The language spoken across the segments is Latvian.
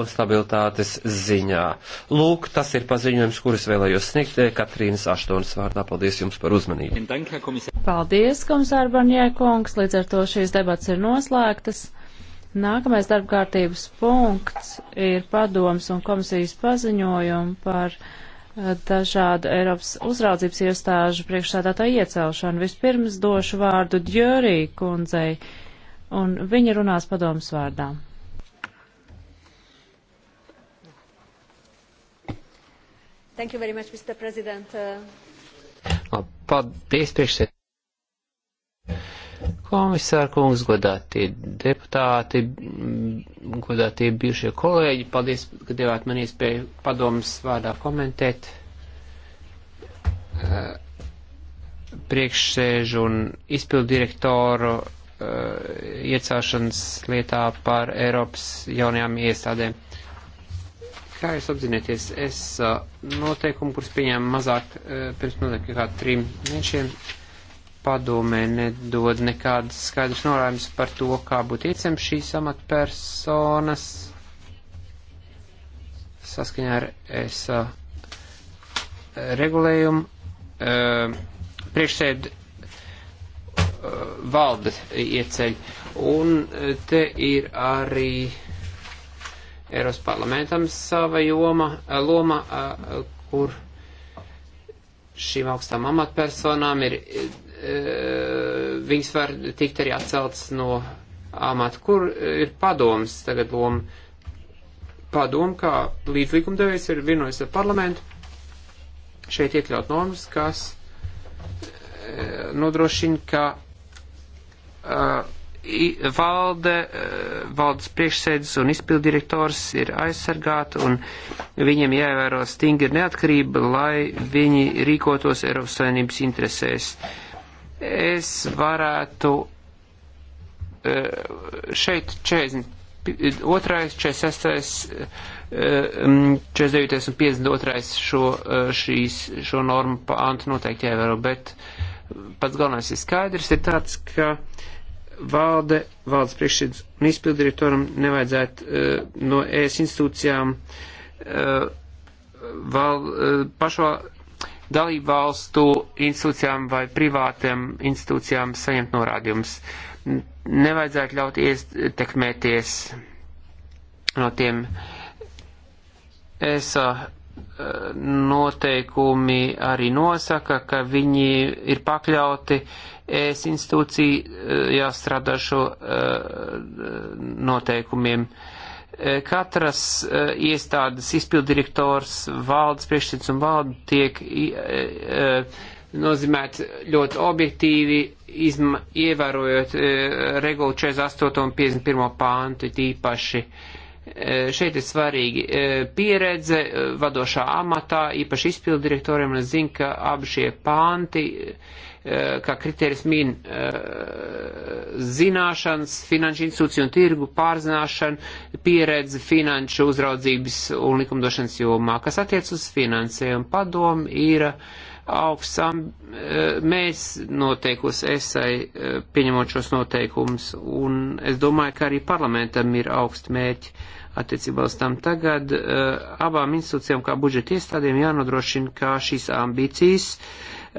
un stabilitātes ziņā. Lūk, tas ir paziņojums, kurus vēlējos sniegt eh, Katrīnas Aštonas vārdā. Paldies jums par uzmanību. Paldies, komisāra Barņē kungs. Līdz ar to šīs debats ir noslēgtas. Nākamais darbkārtības punkts ir padoms un komisijas paziņojumu par eh, dažādu Eiropas uzraudzības iestāžu priekšsādātāju iecelšanu. Vispirms došu vārdu Djörī kundzei, un viņa runās padomas vārdām. Thank you very much, Mr. President. Uh... Paldies, priekšsēd. Komisāra kungs, godātie deputāti, godātie bijušie kolēģi, paldies, ka devāt man iespēju padomas vārdā komentēt eh, priekšsēžu un izpildu direktoru uh, iecāšanas lietā par Eiropas jaunajām iestādēm. Kā jūs apzināties, es noteikumu, kurus pieņēmu mazāk pirms mazāk kā trim mēnešiem, padomē nedod nekādas skaidrs norādījums par to, kā būtu iecem šīs amatpersonas saskaņā ar ESA regulējumu. Priekšsēd valde ieceļ. Un te ir arī Eiros parlamentam sava joma, eh, loma, eh, kur šīm augstām amatpersonām ir, eh, viņas var tikt arī atceltas no amata, kur ir padoms tagad loma. Padom, kā līdzlikumdevējs ir vienojas ar parlamentu, šeit iekļaut normas, kas nodrošina, ka uh, valde, eh, valdes priekšsēdus un izpildirektors ir aizsargāti un viņiem jāievēro stingra neatkarība, lai viņi rīkotos Eiropas Savienības interesēs. Es varētu eh, šeit 40. Otrais, 46, 49 eh, mm, un 52 šo, šīs, šo normu pāntu noteikti jāievēro, bet pats galvenais ir skaidrs, ir tāds, ka valde, valdes priekšsēdus un izpildirektoram nevajadzētu uh, no ES institūcijām uh, val, uh, pašo dalību valstu institūcijām vai privātiem institūcijām saņemt norādījumus. Nevajadzētu ļaut ietekmēties no tiem ESA noteikumi arī nosaka, ka viņi ir pakļauti uh, ES institūcija eh, jāstrādā šo eh, noteikumiem. Eh, katras iestādes izpildirektors, valdes priekšsēdus un valdu tiek nozīmēt ļoti objektīvi, izma, ievērojot regulu 48 un 51 pāntu īpaši. Šeit ir svarīgi pieredze vadošā amatā, īpaši izpildirektoriem, un es zinu, ka abi šie pānti kā kriterijs min eh, zināšanas, finanšu institūciju un tirgu pārzināšanu, pieredzi finanšu uzraudzības un likumdošanas jomā, kas attiec uz finansējumu. Padomu ir augstām, eh, mēs noteikusi esai eh, pieņemot šos noteikumus, un es domāju, ka arī parlamentam ir augsti mērķi attiecībā uz tam tagad. Abām institūcijām kā budžeta iestādēm jānodrošina, kā šīs ambīcijas uh,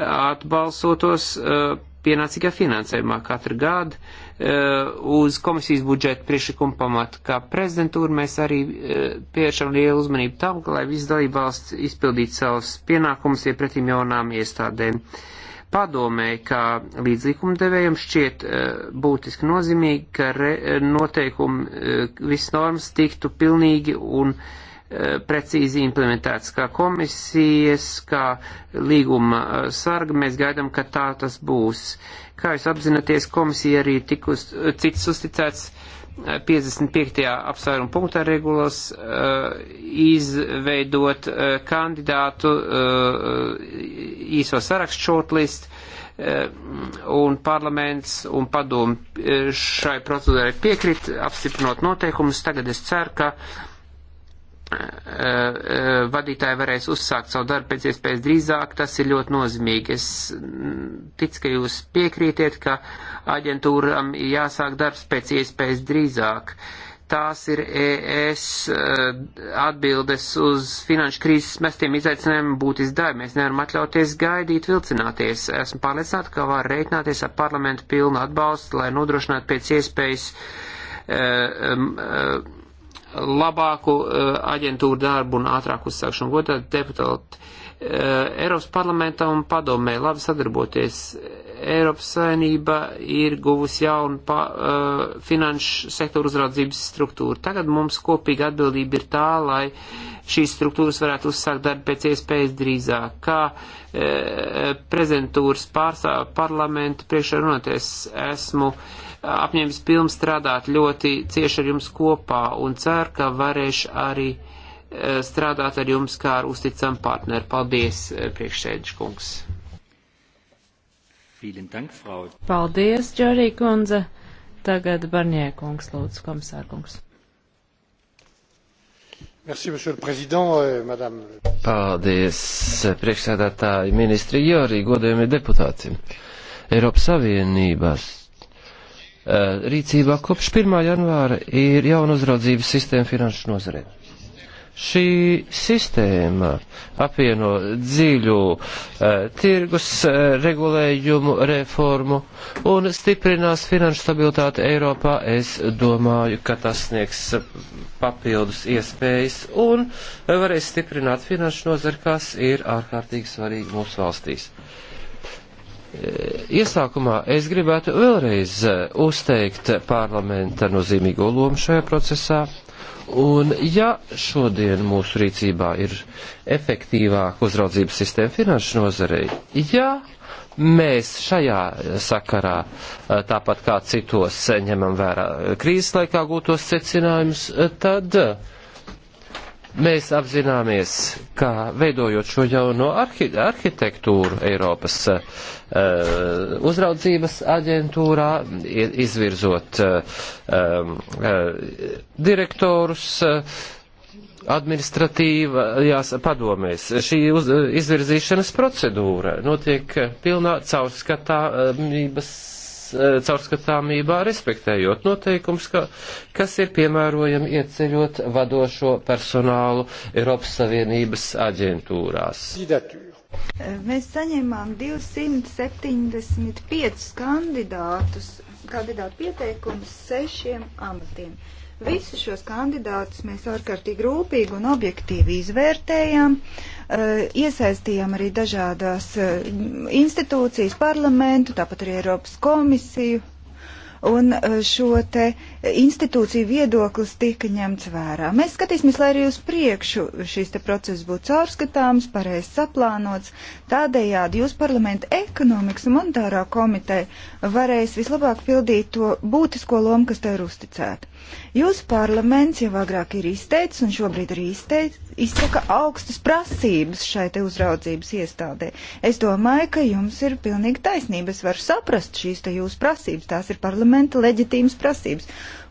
atbalsotos eh, pienācīgā finansējumā katru gadu eh, uz komisijas budžeta priekšlikumu pamatu. Kā prezidentūra mēs arī eh, piešam lielu uzmanību tam, ka, lai viss dalībvalsts izpildītu savus pienākumus iepretim jaunām iestādēm. Padomē, kā līdzlikumdevējiem šķiet būtiski nozīmīgi, ka noteikumi, visas normas tiktu pilnīgi un uh, E, precīzi implementēts kā komisijas, kā līguma e, sarga. Mēs gaidām, ka tā tas būs. Kā jūs apzināties, komisija arī tikus cits uzticēts 55. E, apsvērumu punktā regulas izveidot kandidātu īso sarakstu shortlist un parlaments un padomu šai procedūrai piekrit, apstiprinot noteikumus. Tagad es ceru, ka vadītāji varēs uzsākt savu darbu pēc iespējas drīzāk, tas ir ļoti nozīmīgi. Es ticu, ka jūs piekrītiet, ka aģentūram jāsāk darbs pēc iespējas drīzāk. Tās ir ES eh, atbildes uz finanšu krīzes mestiem izaicinājumiem būtiski daļa. Mēs nevaram atļauties gaidīt, vilcināties. Esmu pārliecināta, ka var reiķināties ar parlamentu pilnu atbalstu, lai nodrošinātu pēc iespējas uh, uh, labāku eh, aģentūru darbu un ātrāku uzsākšanu. Godāt deputāti, eh, Eiropas parlamentam un padomē labi sadarboties. Eiropas saimnība ir guvusi jaunu pa, eh, finanšu sektoru uzraudzības struktūru. Tagad mums kopīga atbildība ir tā, lai šīs struktūras varētu uzsākt darbu pēc iespējas drīzāk. Kā e, prezentūras pārstāv parlamentu priekšā runāties esmu. E, apņēmis pilni strādāt ļoti cieši ar jums kopā un ceru, ka varēšu arī e, strādāt ar jums kā ar uzticam partneri. Paldies, e, priekšsēdžu kungs! Paldies, Džorī kundze! Tagad Barņē kungs, lūdzu, komisār kungs. Merci, monsieur le président, euh, madame. Paldies, priekšsēdētāji ministri Jorī, godējumi deputāti. Eiropas Savienības Eh, rīcībā kopš 1. janvāra ir jauna uzraudzības sistēma finanšu nozarē. Šī sistēma apvieno dziļu uh, tirgus uh, regulējumu reformu un stiprinās finanšu stabilitāti Eiropā. Es domāju, ka tas sniegs papildus iespējas un varēs stiprināt finanšu nozari, kas ir ārkārtīgi svarīgi mūsu valstīs. Uh, Eh, iesākumā es gribētu vēlreiz eh, uzteikt parlamenta nozīmīgo lomu šajā procesā. Un ja šodien mūsu rīcībā ir efektīvāka uzraudzības sistēma finanšu nozarei, ja mēs šajā sakarā, eh, tāpat kā citos, ņemam vērā krīzes laikā gūtos secinājumus, tad uh, Mēs apzināmies, ka veidojot šo jauno arhi arhitektūru Eiropas uh, uzraudzības aģentūrā, izvirzot uh, uh, direktorus, uh, administratīvajās padomēs. Šī uz, izvirzīšanas procedūra notiek pilnā caurskatāmības Eh, caurskatāmībā, respektējot noteikums, ka, kas ir piemērojami ieceļot vadošo personālu Eiropas Savienības aģentūrās. Mēs saņēmām 275 kandidātus, kandidātu pieteikumus sešiem amatiem. Visus šos kandidātus mēs ārkārtīgi rūpīgi un objektīvi izvērtējām, eh, iesaistījām arī dažādās eh, institūcijas, parlamentu, tāpat arī Eiropas komisiju, un eh, šo te eh, institūciju viedoklis tika ņemts vērā. Mēs skatīsimies, lai arī uz priekšu šīs te procesas būtu caurskatāms, pareizi saplānots. Tādējādi jūs parlamenta ekonomikas un monetārā komiteja varēs vislabāk pildīt to būtisko lomu, kas te ir uzticēta. Jūsu parlaments jau agrāk ir izteicis un šobrīd arī izteic, izsaka augstas prasības šai te uzraudzības iestādē. Es domāju, ka jums ir pilnīgi taisnība. Es varu saprast šīs te jūsu prasības. Tās ir parlaments parlamenta leģitīmas prasības.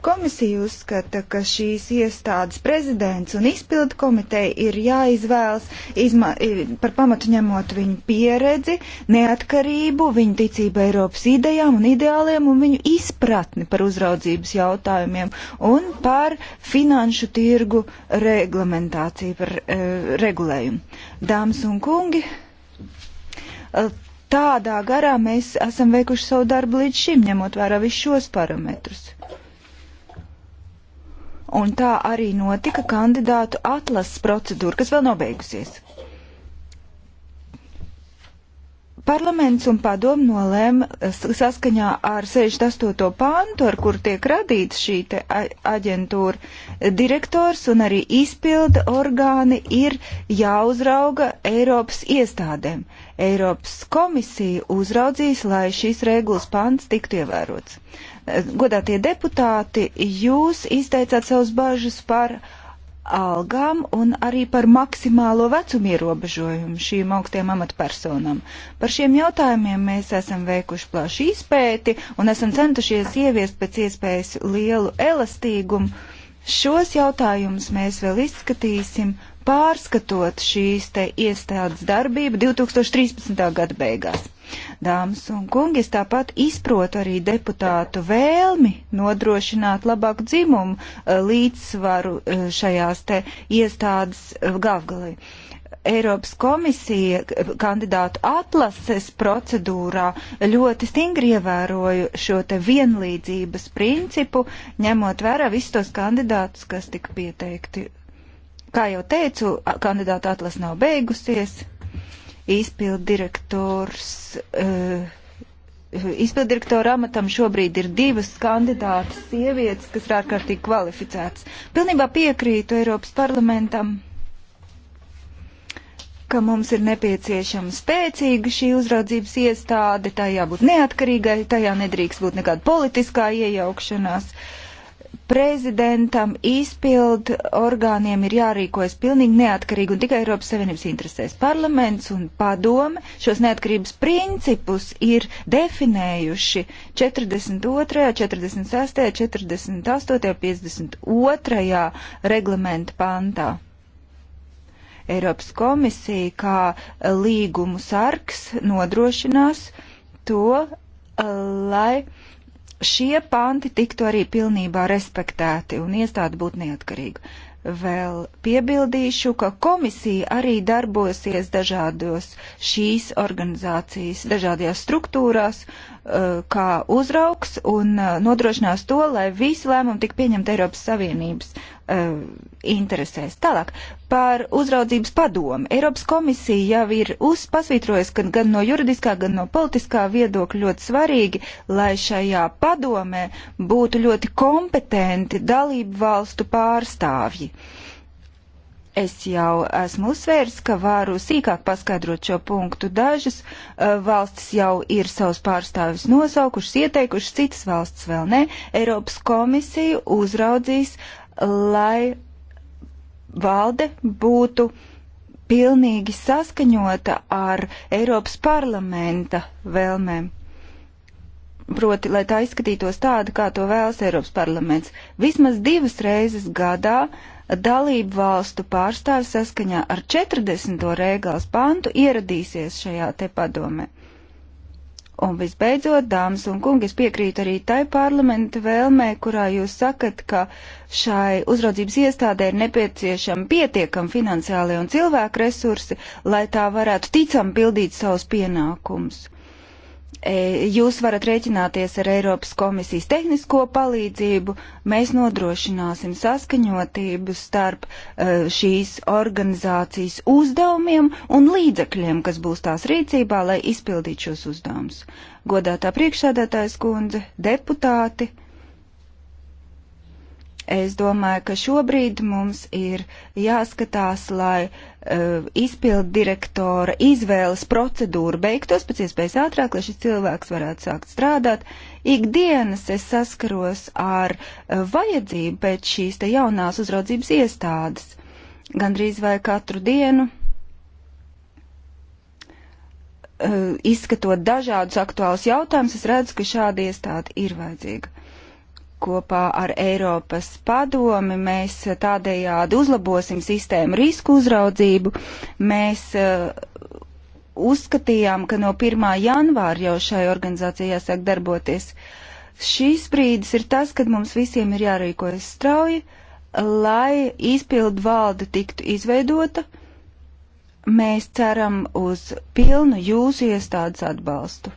Komisija uzskata, ka šīs iestādes prezidents un izpildu komiteja ir jāizvēlas izma, par pamatu ņemot viņu pieredzi, neatkarību, viņu ticību Eiropas idejām un ideāliem un viņu izpratni par uzraudzības jautājumiem un par finanšu tirgu reglamentāciju, par e, regulējumu. Dāmas un kungi! tādā garā mēs esam veikuši savu darbu līdz šim, ņemot vērā visus šos parametrus. Un tā arī notika kandidātu atlases procedūra, kas vēl nav beigusies. Parlaments un padomu nolēma eh, saskaņā ar 68. pāntu, ar kur tiek radīta šī aģentūra, eh, direktors un arī izpilda orgāni ir jāuzrauga Eiropas iestādēm. Eiropas komisija uzraudzīs, lai šīs regulas pāns tiktu ievērots. Eh, Godātie deputāti, jūs izteicāt savus bažas par algām un arī par maksimālo vecumu ierobežojumu šīm augstiem amatpersonām. Par šiem jautājumiem mēs esam veikuši plašu izpēti un esam centušies ieviest pēc iespējas lielu elastīgumu. Šos jautājumus mēs vēl izskatīsim pārskatot šīs te iestādes darbību 2013. gada beigās. Dāmas un kungi, es tāpat izprotu arī deputātu vēlmi nodrošināt labāku dzimumu eh, līdzsvaru eh, šajās te iestādes eh, gavgalī. Eiropas komisija kandidātu atlases procedūrā ļoti stingri ievēroju šo te vienlīdzības principu, ņemot vērā visus tos kandidātus, kas tika pieteikti Kā jau teicu, kandidāta atlas nav beigusies. Izpildu direktors. Uh, eh, izpildirektora amatam šobrīd ir divas kandidātas sievietes, kas ir ārkārtīgi kvalificētas. Pilnībā piekrītu Eiropas parlamentam, ka mums ir nepieciešama spēcīga šī uzraudzības iestāde, tā jābūt neatkarīgai, tajā nedrīkst būt nekāda politiskā iejaukšanās. Uh, prezidentam, izpild orgāniem ir jārīkojas pilnīgi neatkarīgi un tikai Eiropas Savienības interesēs. Parlaments un padome šos neatkarības principus ir definējuši 42., 46., 48., 52. reglamenta pantā. Eiropas komisija kā līgumu sargs nodrošinās to, lai šie panti tiktu arī pilnībā respektēti un iestāde būtu neatkarīga. Vēl piebildīšu, ka komisija arī darbosies dažādos šīs organizācijas, dažādajās struktūrās, eh, kā uzrauks un eh, nodrošinās to, lai visi lēmumi tik pieņemti Eiropas Savienības uh, interesēs. Tālāk par uzraudzības padomu. Eiropas komisija jau ir pasvītrojusi, ka gan no juridiskā, gan no politiskā viedokļa ļoti svarīgi, lai šajā padomē būtu ļoti kompetenti dalību valstu pārstāvji. Es jau esmu uzsvērs, ka varu sīkāk paskaidrot šo punktu. Dažas uh, valstis jau ir savus pārstāvis nosaukušas, ieteikušas, citas valstis vēl ne. Eiropas komisija uzraudzīs uh, lai valde būtu pilnīgi saskaņota ar Eiropas parlamenta vēlmēm. Proti, lai tā izskatītos tāda, kā to vēlas Eiropas parlaments. Vismaz divas reizes gadā dalību valstu pārstāvis saskaņā ar 40. rēgās pantu ieradīsies šajā te padomē. Un visbeidzot, dāmas un kungi, es piekrītu arī tai parlamenta vēlmē, kurā jūs sakat, ka šai uzraudzības iestādē ir nepieciešami pietiekami finansiālie un cilvēku resursi, lai tā varētu ticam pildīt savus pienākumus. E, jūs varat rēķināties ar Eiropas komisijas tehnisko palīdzību. Mēs nodrošināsim saskaņotību starp e, šīs organizācijas uzdevumiem un līdzekļiem, kas būs tās rīcībā, lai izpildītu šos uzdevumus. Godātā priekšsēdētājs kundze, deputāti! Es domāju, ka šobrīd mums ir jāskatās, lai uh, izpildu direktora izvēles procedūra beigtos pēc iespējas ātrāk, lai šis cilvēks varētu sākt strādāt. Ikdienas es saskaros ar uh, vajadzību pēc šīs te jaunās uzraudzības iestādes. Gandrīz vai katru dienu e, izskatot dažādus aktuālus jautājumus, es redzu, ka šāda iestāde ir vajadzīga kopā ar Eiropas padomi mēs eh, tādējādi uzlabosim sistēmu risku uzraudzību. Mēs uh, uzskatījām, ka no 1. janvāra jau šai organizācijai jāsāk darboties. Šis brīdis ir tas, kad mums visiem ir jārīkojas strauji, lai izpildu valde tiktu izveidota. Mēs ceram uz pilnu jūsu iestādes atbalstu.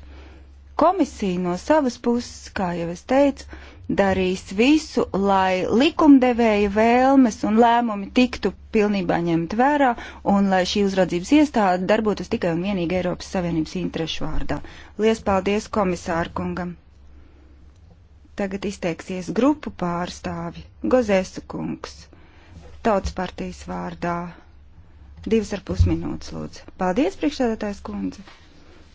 Komisija no savas puses, kā jau es teicu, darīs visu, lai likumdevēja vēlmes un lēmumi tiktu pilnībā ņemt vērā un lai šī uzraudzības iestāde darbotos tikai un vienīgi Eiropas Savienības interešu vārdā. Lies paldies komisāru kungam! Tagad izteiksies grupu pārstāvi Gozēsu kungs, tautas partijas vārdā. Divas ar pus minūtes, lūdzu. Paldies, priekšsēdētājs kundze!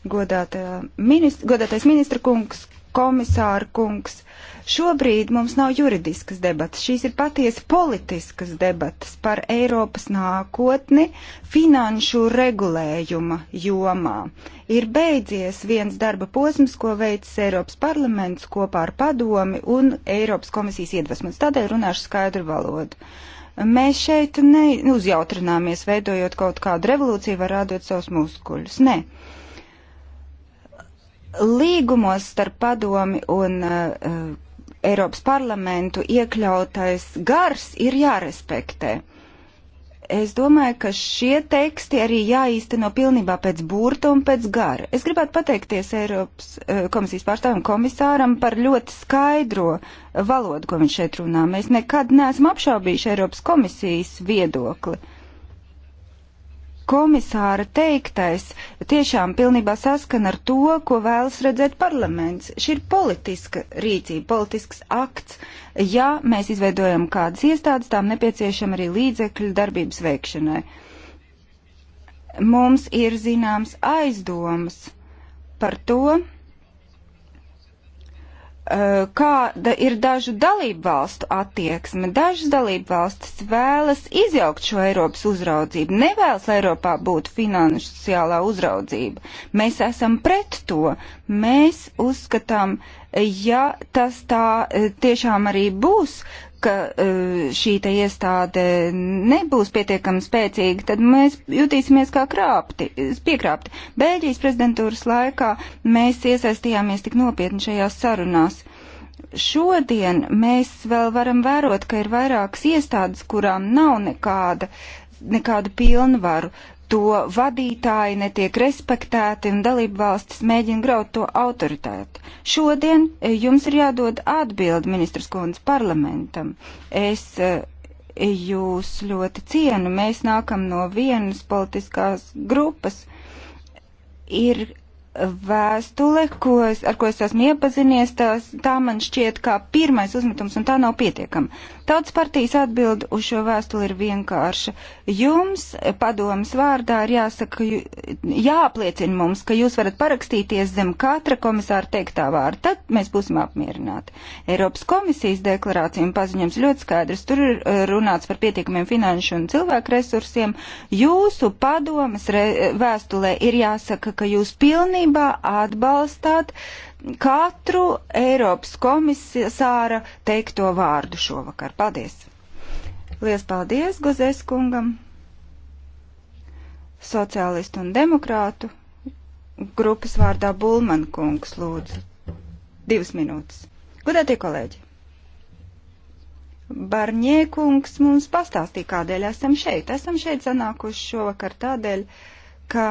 Ministr, godātais ministra kungs, komisāra kungs, šobrīd mums nav juridiskas debatas, šīs ir patiesi politiskas debatas par Eiropas nākotni finanšu regulējuma jomā. Ir beidzies viens darba posms, ko veicis Eiropas parlaments kopā ar padomi un Eiropas komisijas iedvesmas. Tādēļ runāšu skaidru valodu. Mēs šeit neuzjautrināmies, veidojot kaut kādu revolūciju, vai rādot savus muskuļus. Nē. Ne Līgumos starp padomi un uh, Eiropas parlamentu iekļautais gars ir jārespektē. Es domāju, ka šie teksti arī jāīsteno pilnībā pēc burta un pēc gara. Es gribētu pateikties Eiropas eh, komisijas pārstāvim komisāram par ļoti skaidro valodu, ko viņš šeit runā. Mēs nekad neesam apšaubījuši Eiropas komisijas viedokli. Uh, komisāra teiktais tiešām pilnībā saskan ar to, ko vēlas redzēt parlaments. Šī ir politiska rīcība, politisks akts. Ja mēs izveidojam kādas iestādes, tām nepieciešama arī līdzekļi darbības veikšanai. Mums ir zināms aizdomas par to, Eh, kāda ir dažu dalību valstu attieksme. Dažas dalību valstis vēlas izjaukt šo Eiropas uzraudzību, nevēlas Eiropā būt finansiālā uzraudzība. Mēs esam pret to. Mēs uzskatām, ja tas tā eh, tiešām arī būs, ka e, šī te iestāde nebūs pietiekami spēcīga, tad mēs jutīsimies kā krāpti, piekrāpti. Bēļģijas prezidentūras laikā mēs iesaistījāmies tik nopietni šajās sarunās. Šodien mēs vēl varam vērot, ka ir vairākas iestādes, kurām nav nekāda uh, nekādu pilnvaru to vadītāji netiek respektēti un dalību valstis mēģina graut to autoritāti. Šodien e, jums ir jādod atbildi ministrs kundze parlamentam. Es e, jūs ļoti cienu, mēs nākam no vienas politiskās grupas. Ir vēstule, ko es, ar ko es esmu iepazinies, tās, tā man šķiet kā pirmais uzmetums, un tā nav pietiekama. Tautas partijas atbild uz šo vēstuli ir vienkārša. Jums padomas vārdā ir jāsaka, jāapliecina mums, ka jūs varat parakstīties zem katra komisāra teiktā vārda, tad mēs būsim apmierināti. Eiropas komisijas deklarācija un paziņojums ļoti skaidrs, tur ir eh, runāts par pietiekamiem finanšu un cilvēku resursiem. Jūsu padomas vēstulē ir jāsaka, ka jūs pilnīgi pilnībā atbalstāt katru Eiropas komisāra teikto vārdu šovakar. Paldies! Lielas paldies Gozēs kungam, sociālistu un demokrātu grupas vārdā Bulman kungs lūdzu. Divas minūtes. Gudētie kolēģi! Barņēkungs mums pastāstīja, kādēļ esam šeit. Esam šeit sanākuši šovakar tādēļ, ka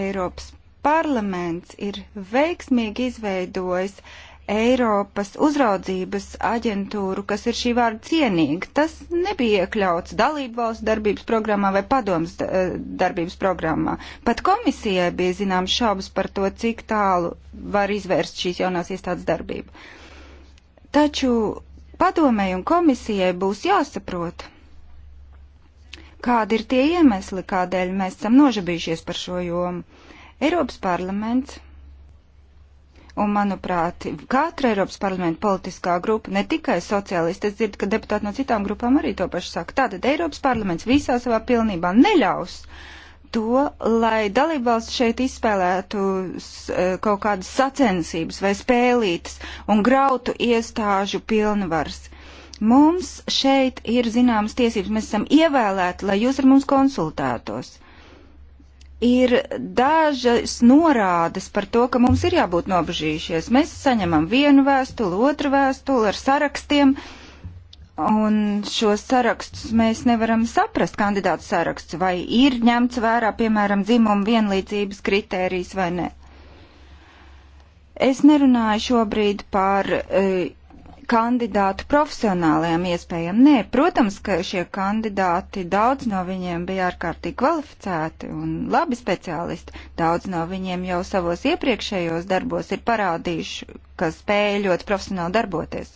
Eiropas Parlaments ir veiksmīgi izveidojis Eiropas uzraudzības aģentūru, kas ir šī vārda cienīga. Tas nebija iekļauts dalību valsts darbības programmā vai padomas eh, darbības programmā. Pat komisijai bija zinām šaubas par to, cik tālu var izvērst šīs jaunās iestādes darbību. Taču padomēji un komisijai būs jāsaprot, kādi ir tie iemesli, kādēļ mēs esam nožabījušies par šo jomu Eiropas parlaments Un, manuprāt, katra Eiropas parlamenta politiskā grupa, ne tikai sociālisti, es dzirdu, ka deputāti no citām grupām arī to pašu saka. Tātad Eiropas parlaments visā savā pilnībā neļaus to, lai dalībvalsts šeit izspēlētu e, kaut kādas sacensības vai spēlītas un grautu iestāžu pilnvars. Mums šeit ir zināmas tiesības, mēs esam ievēlēti, lai jūs ar mums konsultētos ir dažas norādes par to, ka mums ir jābūt nobežījušies. Mēs saņemam vienu vēstuli, otru vēstuli ar sarakstiem. Un šo sarakstus mēs nevaram saprast, kandidātu saraksts, vai ir ņemts vērā, piemēram, dzimuma vienlīdzības kritērijas vai nē. Es nerunāju šobrīd par e, kandidātu profesionālajām iespējām. Nē, protams, ka šie kandidāti, daudz no viņiem bija ārkārtīgi kvalificēti un labi speciālisti. Daudz no viņiem jau savos iepriekšējos darbos ir parādījuši, ka spēja ļoti profesionāli darboties.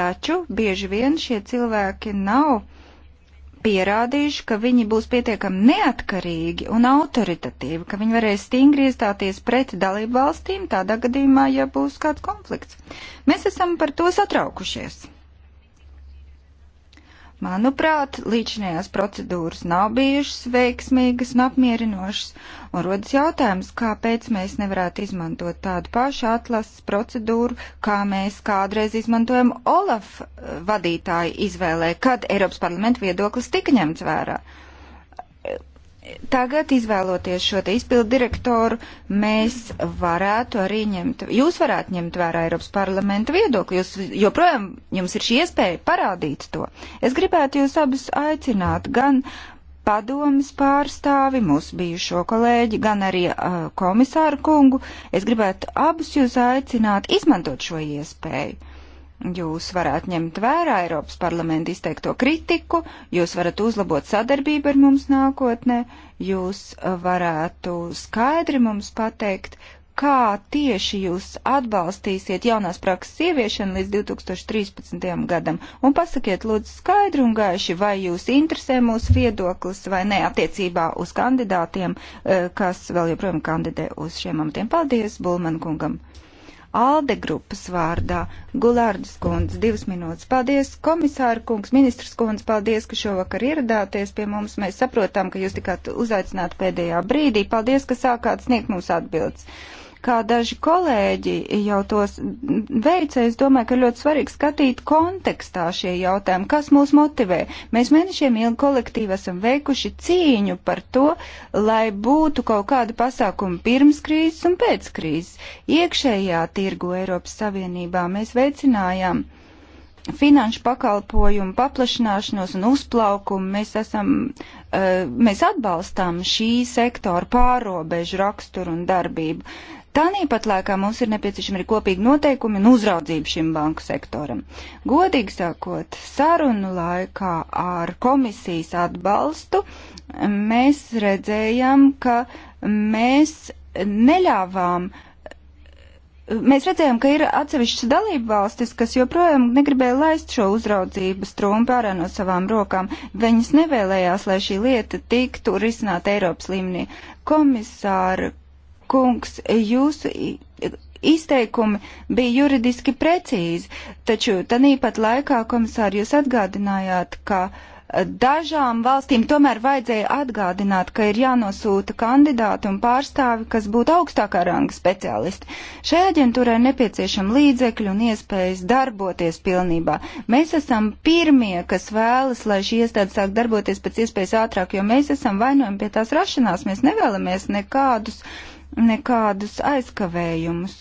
Taču bieži vien šie cilvēki nav pierādījuši, ka viņi būs pietiekami neatkarīgi un autoritatīvi, ka viņi varēs stingri iestāties pret dalību valstīm tādā gadījumā, ja būs kāds konflikts. Mēs esam par to satraukušies. Manuprāt, līdzinējās procedūras nav bijušas veiksmīgas un apmierinošas, un rodas jautājums, kāpēc mēs nevarētu izmantot tādu pašu atlases procedūru, kā mēs kādreiz izmantojam Olaf eh, vadītāju izvēlē, kad Eiropas parlamenta viedoklis tika ņemts vērā. Uh, tagad izvēloties šo izpildu direktoru, mēs varētu arī ņemt, jūs varētu ņemt vērā Eiropas parlamenta viedokli, jūs joprojām jums ir šī iespēja parādīt to. Es gribētu jūs abus aicināt gan padomas pārstāvi, mūsu bijušo kolēģi, gan arī uh, komisāru kungu. Es gribētu abus jūs aicināt izmantot šo iespēju Jūs varētu ņemt vērā Eiropas parlamenta izteikto kritiku, jūs varat uzlabot sadarbību ar mums nākotnē, jūs varētu skaidri mums pateikt, kā tieši jūs atbalstīsiet jaunās prakses ieviešanu līdz 2013. gadam, un pasakiet lūdzu skaidru un gaiši, vai jūs interesē mūsu viedoklis vai ne attiecībā uz kandidātiem, eh, kas vēl joprojām kandidē uz šiem amatiem. Paldies Bulman kungam! ALDE grupas vārdā Gulārdas kundze, divas minūtes. Paldies, komisāra kungs, ministrs kundze, paldies, ka šovakar ieradāties pie mums. Mēs saprotam, ka jūs tikāt uzaicināti pēdējā brīdī. Paldies, ka sākāt sniegt mums atbildes. Kā daži kolēģi jau tos veica, es domāju, ka ļoti svarīgi skatīt kontekstā šie jautājumi, kas mūs motivē. Mēs mēnešiem ilgi kolektīvi esam veikuši cīņu par to, lai būtu kaut kāda pasākuma pirms krīzes un pēc krīzes. Iekšējā tirgu Eiropas Savienībā mēs veicinājām finanšu pakalpojumu paplašināšanos un uzplaukumu mēs esam, eh, mēs atbalstām šī sektora pārobežu raksturu un darbību. Tāpat laikā mums ir nepieciešami arī kopīgi noteikumi un uzraudzība šim banku sektoram. Godīgi sakot, sarunu laikā ar komisijas atbalstu mēs redzējām, ka mēs neļāvām uh, mēs redzējām, ka ir atsevišķas dalība valstis, kas joprojām negribēja laist šo uzraudzības trumpu ārā no savām rokām. Viņas nevēlējās, lai šī lieta tiktu risināta Eiropas līmenī. Komisāra kungs, jūsu izteikumi bija juridiski precīzi, taču tanīpat laikā, komisār, jūs atgādinājāt, ka eh, dažām valstīm tomēr vajadzēja atgādināt, ka ir jānosūta kandidāti un pārstāvi, kas būtu augstākā ranga speciālisti. Šai aģentūrai nepieciešama līdzekļi un iespējas darboties pilnībā. Mēs esam pirmie, kas vēlas, lai šī iestāde sāk darboties pēc iespējas ātrāk, jo mēs esam vainojami pie tās rašanās. Mēs nevēlamies nekādus uh, nekādus aizkavējumus.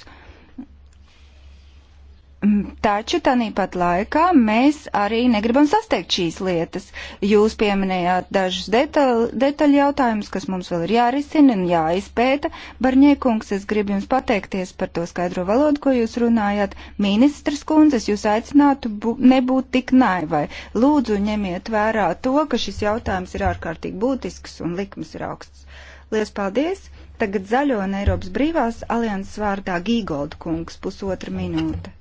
Mm, taču tāpat laikā mēs arī negribam sasteikt šīs lietas. Jūs pieminējāt dažus detaļu detaļ jautājumus, kas mums vēl ir jārisina un jāizpēta. Barņiekungs, es gribu jums pateikties par to skaidro valodu, ko jūs runājāt. Ministrs kundzes, jūs aicinātu bū, nebūt tik naivai. Lūdzu, ņemiet vērā to, ka šis jautājums ir ārkārtīgi būtisks un likums ir augsts. Lielas paldies! Tagad zaļo un Eiropas brīvās alianses vārdā Gīgolda kungs pusotra minūte.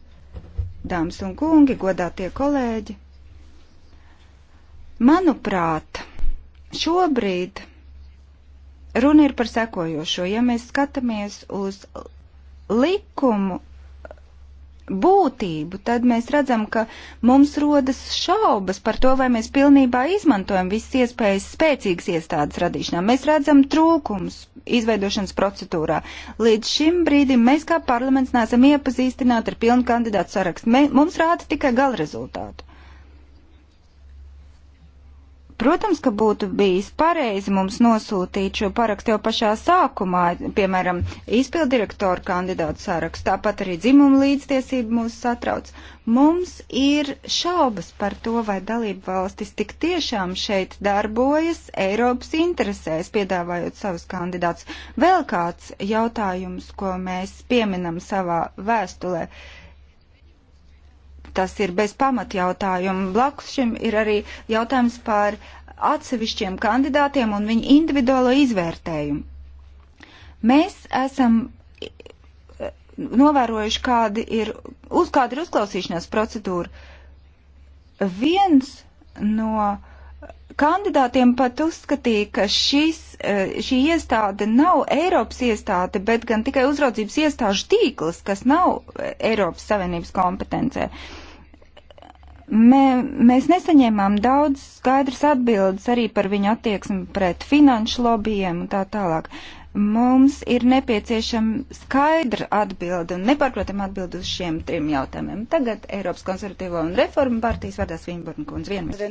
Dāmas un kungi, godātie kolēģi, manuprāt, šobrīd runa ir par sekojošo. Ja mēs skatāmies uz likumu būtību, tad mēs redzam, ka mums rodas šaubas par to, vai mēs pilnībā izmantojam visas iespējas spēcīgas iestādes radīšanā. Mēs redzam trūkums izveidošanas procedūrā. Līdz šim brīdim mēs kā parlaments neesam iepazīstināti ar pilnu kandidātu sarakstu. Mums rāda tikai gala rezultātu. Protams, ka būtu bijis pareizi mums nosūtīt šo parakstu jau pašā sākumā, piemēram, izpildirektoru kandidātu sarakstu, tāpat arī dzimumu līdztiesību mūs satrauc. Mums ir šaubas par to, vai dalību valstis tik tiešām šeit darbojas Eiropas interesēs, piedāvājot savus kandidātus. Vēl kāds jautājums, ko mēs pieminam savā vēstulē. Uh, tas ir bez pamatjautājuma. Blakus šim ir arī jautājums par atsevišķiem kandidātiem un viņu individuālo izvērtējumu. Mēs esam e, novērojuši, kāda ir, uz kāda ir uzklausīšanās procedūra. Viens no kandidātiem pat uzskatīja, ka šis, e, šī iestāde nav Eiropas iestāde, bet gan tikai uzraudzības iestāžu tīkls, kas nav Eiropas Savienības kompetencē. Uh, Mē, mēs nesaņēmām daudz skaidrs atbildes arī par viņu attieksmi pret finanšu lobbyiem un tā tālāk. Mums ir nepieciešama skaidra atbilde un nepārprotam atbilde uz šiem trim jautājumiem. Tagad Eiropas konservatīvo un reformu partijas vadās Vīmburna kundze vienmēr.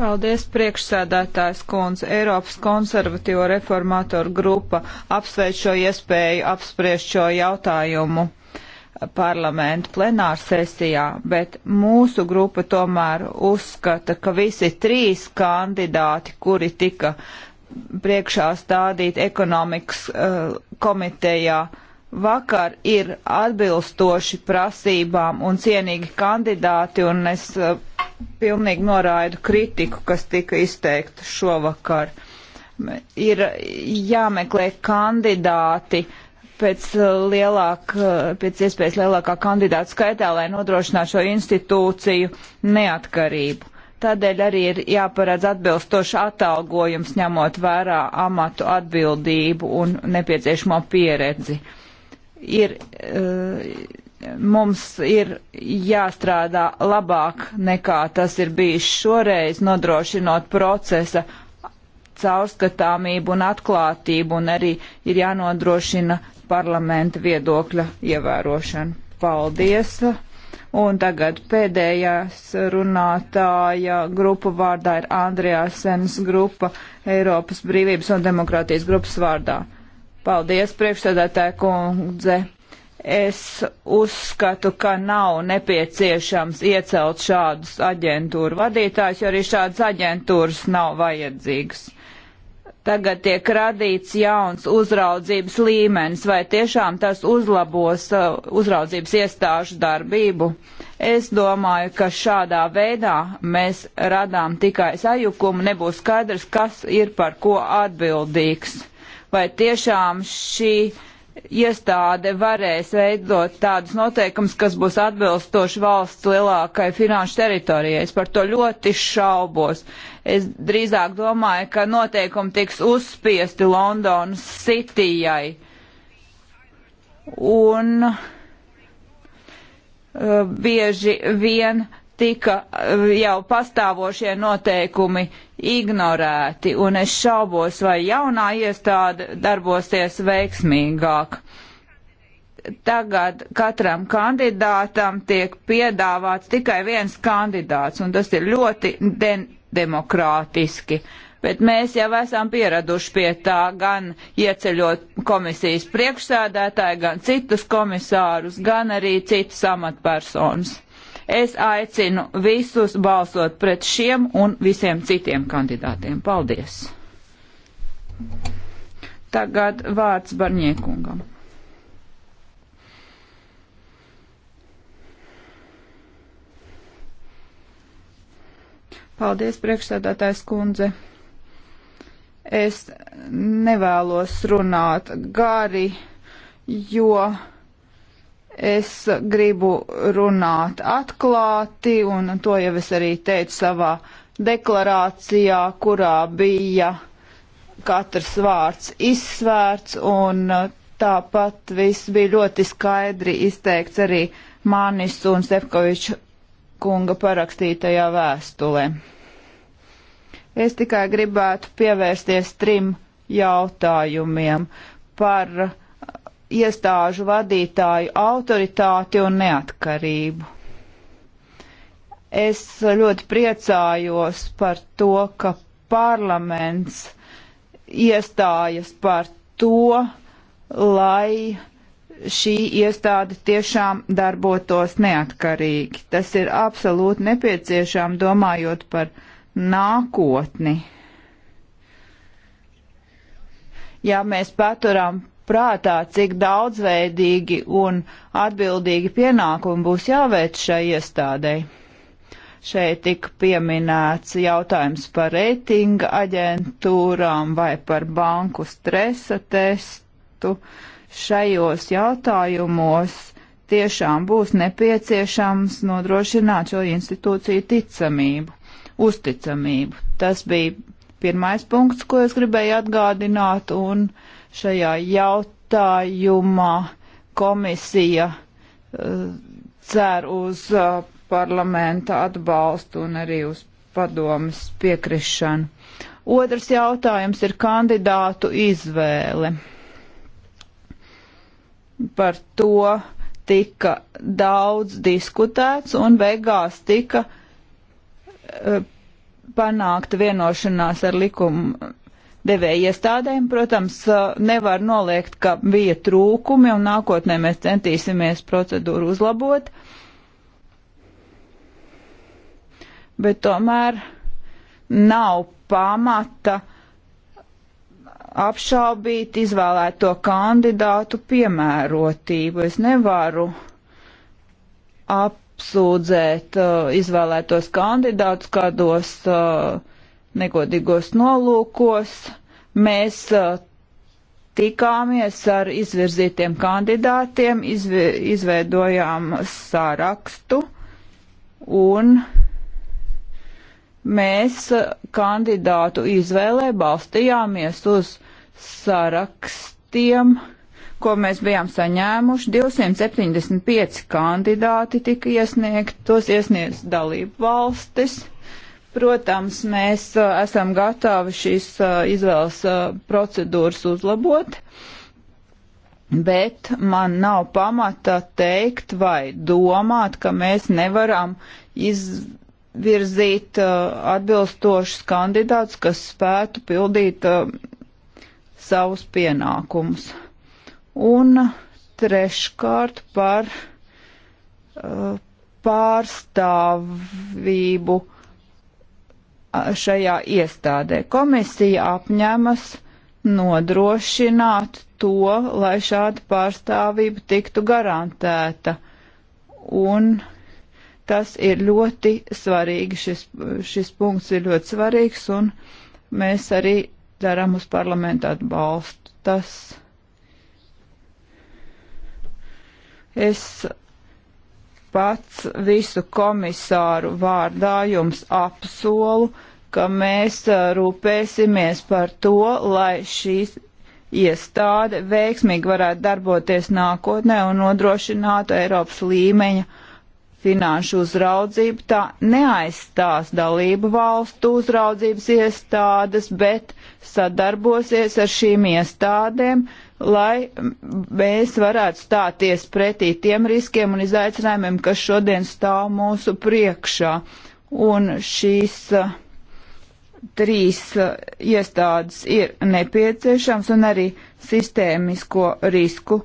Paldies, priekšsēdētājs kundze. Eiropas konservatīvo reformātoru grupa apsveic šo iespēju apspriest šo jautājumu parlamentu plenārsesijā, bet mūsu grupa tomēr uzskata, ka visi trīs kandidāti, kuri tika priekšā stādīti ekonomikas uh, komitejā, vakar ir atbilstoši prasībām un cienīgi kandidāti, un es uh, pilnīgi noraidu kritiku, kas tika izteikta šovakar. Ir jāmeklē kandidāti, uh, pēc, eh, lielāk, eh, pēc iespējas lielākā kandidātu skaitā, lai nodrošinātu šo institūciju neatkarību. Tādēļ arī ir jāparedz atbilstoši atalgojums, ņemot vērā amatu atbildību un nepieciešamo pieredzi. Ir, eh, mums ir jāstrādā labāk nekā tas ir bijis šoreiz, nodrošinot procesa caurskatāmību un atklātību, un arī ir jānodrošina parlamenta viedokļa ievērošanu. Paldies! Un tagad pēdējās runātāja grupa vārdā ir Andrijāsens grupa Eiropas brīvības un demokrātijas grupas vārdā. Paldies, priekšsēdētāja kundze! Es uzskatu, ka nav nepieciešams iecelt šādus aģentūru vadītājus, jo arī šādas aģentūras nav vajadzīgas tagad tiek radīts jauns uzraudzības līmenis, vai tiešām tas uzlabos uh, uzraudzības iestāžu darbību. Es domāju, ka šādā veidā mēs radām tikai sajukumu, nebūs skaidrs, kas ir par ko atbildīgs. Vai tiešām šī iestāde varēs veidot tādus noteikumus, kas būs atbilstoši valsts lielākai finanšu teritorijai. Es par to ļoti šaubos. Es drīzāk domāju, ka noteikumi tiks uzspiesti Londonas Citijai. Un uh, bieži vien uh, tika eh, jau pastāvošie noteikumi ignorēti, un es šaubos, vai jaunā iestāde darbosies veiksmīgāk. Tagad katram kandidātam tiek piedāvāts tikai viens kandidāts, un tas ir ļoti de demokrātiski. Bet mēs jau esam pieraduši pie tā, gan ieceļot komisijas priekšsēdētāju, gan citus komisārus, gan arī citas amatpersonas Es aicinu visus balsot pret šiem un visiem citiem kandidātiem. Paldies! Tagad vārds Barņiekungam. Paldies, priekšsēdētājs kundze. Es nevēlos runāt gari, jo Es gribu runāt atklāti, un to jau es arī teicu savā deklarācijā, kurā bija katrs vārds izsvērts, un tāpat viss bija ļoti skaidri izteikts arī manis un Stefkoviča kunga parakstītajā vēstulē. Es tikai gribētu pievērsties trim jautājumiem par iestāžu vadītāju autoritāti un neatkarību. Es ļoti priecājos par to, ka parlaments iestājas par to, lai šī iestāde tiešām darbotos neatkarīgi. Tas ir absolūti nepieciešām domājot par nākotni. Ja mēs paturam prātā, cik daudzveidīgi un atbildīgi pienākumi būs jāveic šai iestādei. Šeit tika pieminēts jautājums par reitinga aģentūrām vai par banku stresa testu. Šajos jautājumos tiešām būs nepieciešams nodrošināt šo institūciju ticamību, uzticamību. Tas bija pirmais punkts, ko es gribēju atgādināt, un uh, šajā jautājumā. Komisija eh, cer uz eh, parlamenta atbalstu un arī uz padomas piekrišanu. Otrs jautājums ir kandidātu izvēle. Par to tika daudz diskutēts un beigās tika eh, panākta vienošanās ar likuma devēja iestādēm. Protams, nevar noliegt, ka bija trūkumi un nākotnē mēs centīsimies procedūru uzlabot. Bet tomēr nav pamata apšaubīt izvēlēto kandidātu piemērotību. Es nevaru apsūdzēt uh, izvēlētos kandidātus kādos uh, negodīgos nolūkos. Mēs uh, tikāmies ar izvirzītiem kandidātiem, izve, izveidojām sārakstu un mēs uh, kandidātu izvēlē balstījāmies uz sarakstiem, ko mēs bijām saņēmuši. 275 kandidāti tika iesniegt, tos iesniedz dalību valstis Protams, mēs uh, esam gatavi šīs uh, izvēles uh, procedūras uzlabot, bet man nav pamata teikt vai domāt, ka mēs nevaram izvirzīt atbilstošus kandidātus, kas spētu pildīt savus pienākumus. Un treškārt par pārstāvību uh, šajā iestādē. Komisija apņēmas nodrošināt to, lai šāda pārstāvība tiktu garantēta. Un tas ir ļoti svarīgi, šis, šis punkts ir ļoti svarīgs, un mēs arī ceram uz parlamentu atbalstu. Tas es pats visu komisāru vārdā jums apsolu, ka mēs uh, rūpēsimies par to, lai šīs iestāde veiksmīgi varētu darboties nākotnē un nodrošinātu Eiropas līmeņa finanšu uzraudzību. Tā neaizstās dalību valstu uzraudzības iestādes, bet sadarbosies ar šīm iestādēm, uh, lai mēs varētu stāties pretī tiem riskiem un izaicinājumiem, kas šodien stāv mūsu priekšā. Un šīs uh, trīs uh, iestādes ir nepieciešams un arī sistēmisko risku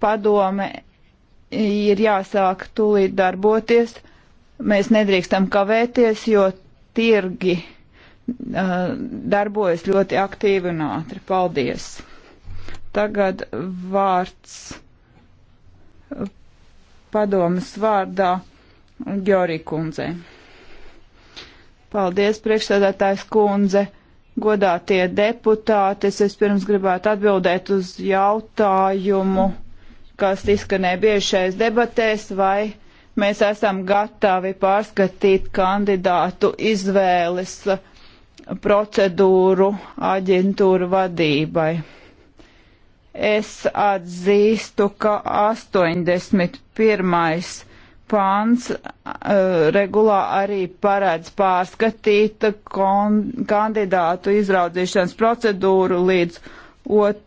padome ir jāsāk tūlīt darboties. Mēs nedrīkstam kavēties, jo tirgi uh, darbojas ļoti aktīvi un ātri. Paldies! Tagad vārds padomas vārdā Gjorī kundzei. Paldies, priekšsēdētājs kundze, godātie deputāti. Es pirms gribētu atbildēt uz jautājumu, kas izskanēja biežais debatēs, vai mēs esam gatavi pārskatīt kandidātu izvēles procedūru aģentūru vadībai. Es atzīstu, ka 81. pāns uh, regulā arī paredz pārskatīt kandidātu izraudzīšanas procedūru līdz ot,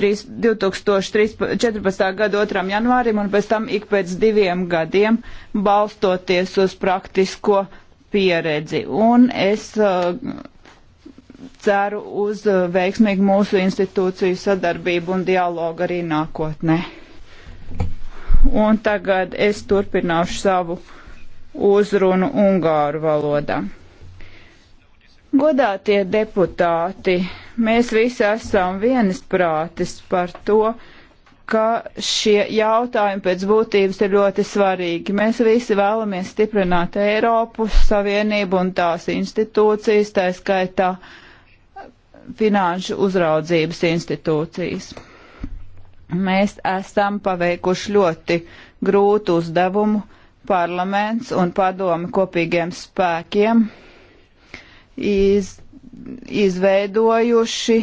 3, 2014. gada 2. janvārim un pēc tam ik pēc diviem gadiem balstoties uz praktisko pieredzi. Un es uh, ceru uz uh, veiksmīgu mūsu institūciju sadarbību un dialogu arī nākotnē. Un tagad es turpināšu savu uzrunu ungāru valodā. Godātie deputāti, mēs visi esam vienisprātis par to, ka šie jautājumi pēc būtības ir ļoti svarīgi. Mēs visi vēlamies stiprināt Eiropu, Savienību un tās institūcijas, tā skaitā uh, finanšu uzraudzības institūcijas. Mēs esam paveikuši ļoti grūtu uzdevumu. Parlaments un padomi kopīgiem spēkiem iz, izveidojuši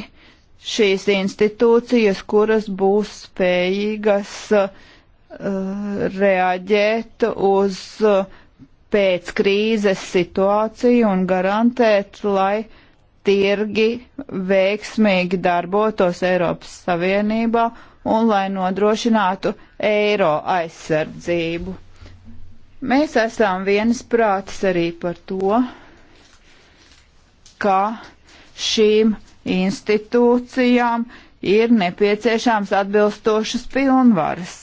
šīs institūcijas, kuras būs spējīgas uh, reaģēt uz uh, pēc krīzes situāciju un garantēt, lai uh, tirgi veiksmīgi darbotos Eiropas Savienībā un lai nodrošinātu eiro aizsardzību. Mēs esam vienas prātas arī par to, ka šīm institūcijām ir nepieciešams atbilstošas pilnvaras.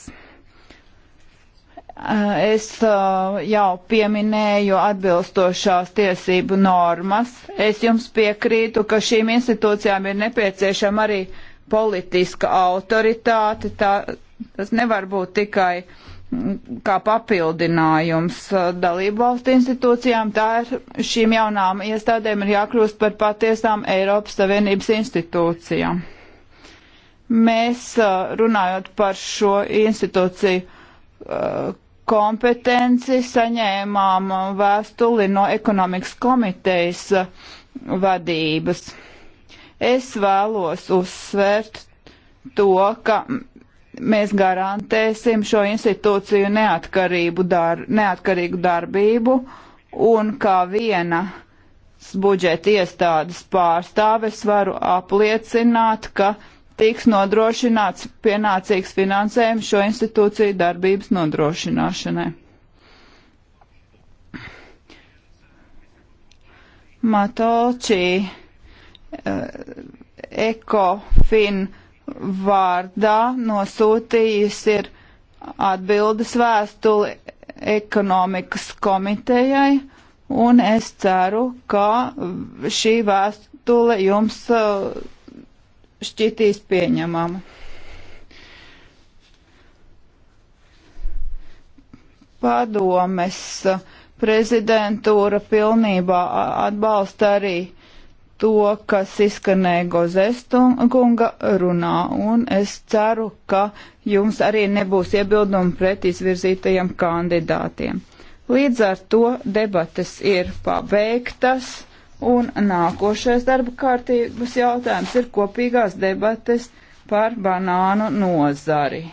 Es uh, jau pieminēju atbilstošās tiesību normas. Es jums piekrītu, ka šīm institūcijām ir nepieciešama arī politiska autoritāte. Tā, tas nevar būt tikai mm, kā papildinājums uh, dalību valstu institūcijām. Tā ir šīm jaunām iestādēm ir jākļūst par patiesām Eiropas Savienības institūcijām. Mēs uh, runājot par šo institūciju kompetenci saņēmām vēstuli no ekonomikas komitejas vadības. Es vēlos uzsvērt to, ka mēs garantēsim šo institūciju neatkarību dar neatkarīgu darbību un kā viena budžeta iestādes pārstāves varu apliecināt, ka tiks nodrošināts pienācīgs finansējums šo institūciju darbības nodrošināšanai. Matolčī eh, ECOFIN vārdā nosūtījis ir atbildes vēstuli ekonomikas komitejai, un es ceru, ka šī vēstule jums uh, šķitīs pieņemama. Padomes prezidentūra pilnībā atbalsta arī to, kas izskanēja Gozestunga runā, un es ceru, ka jums arī nebūs iebildumi pret izvirzītajiem kandidātiem. Līdz ar to debates ir pabeigtas. Un nākošais darba kārtības jautājums ir kopīgās debates par banānu nozari.